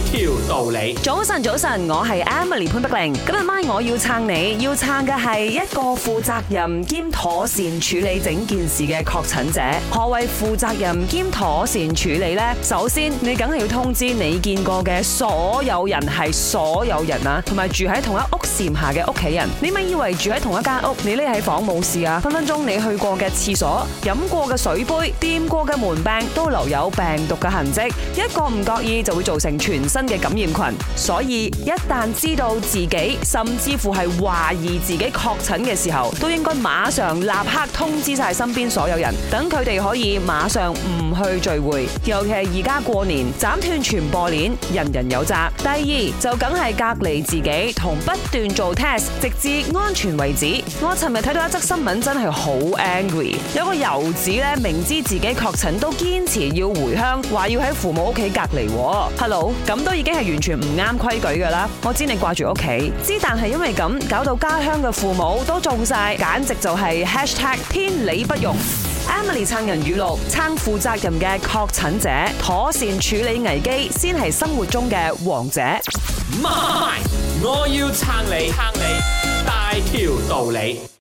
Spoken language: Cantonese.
條道理。早晨，早晨，我係 Emily 潘德玲媽媽。今日晚我要撐你，要撐嘅係一個負責任兼妥善處理整件事嘅確診者。何謂負責任兼妥善處理呢？首先，你梗係要通知你見過嘅所有人，係所有人啊，同埋住喺同一屋檐下嘅屋企人。你咪以為住喺同一間屋，你匿喺房冇事啊？分分鐘你去過嘅廁所、飲過嘅水杯、掂過嘅門柄都留有病毒嘅痕跡，一個唔覺意就會造成全。新嘅感染群，所以一旦知道自己甚至乎係懷疑自己確診嘅時候，都應該馬上立刻通知晒身邊所有人，等佢哋可以馬上唔去聚會。尤其係而家過年，斬斷傳播鏈，人人有責。第二就梗係隔離自己，同不斷做 test，直至安全為止。我尋日睇到一則新聞，真係好 angry，有個遊子咧，明知自己確診都堅持要回鄉，話要喺父母屋企隔離。Hello。咁都已經係完全唔啱規矩噶啦，我知你掛住屋企，知，但係因為咁搞到家鄉嘅父母都中晒，簡直就係#天理不容#。Emily 撐人語錄，撐負責任嘅確診者，妥善處理危機先係生活中嘅王者。媽，我要撐你，撐你，大條道理。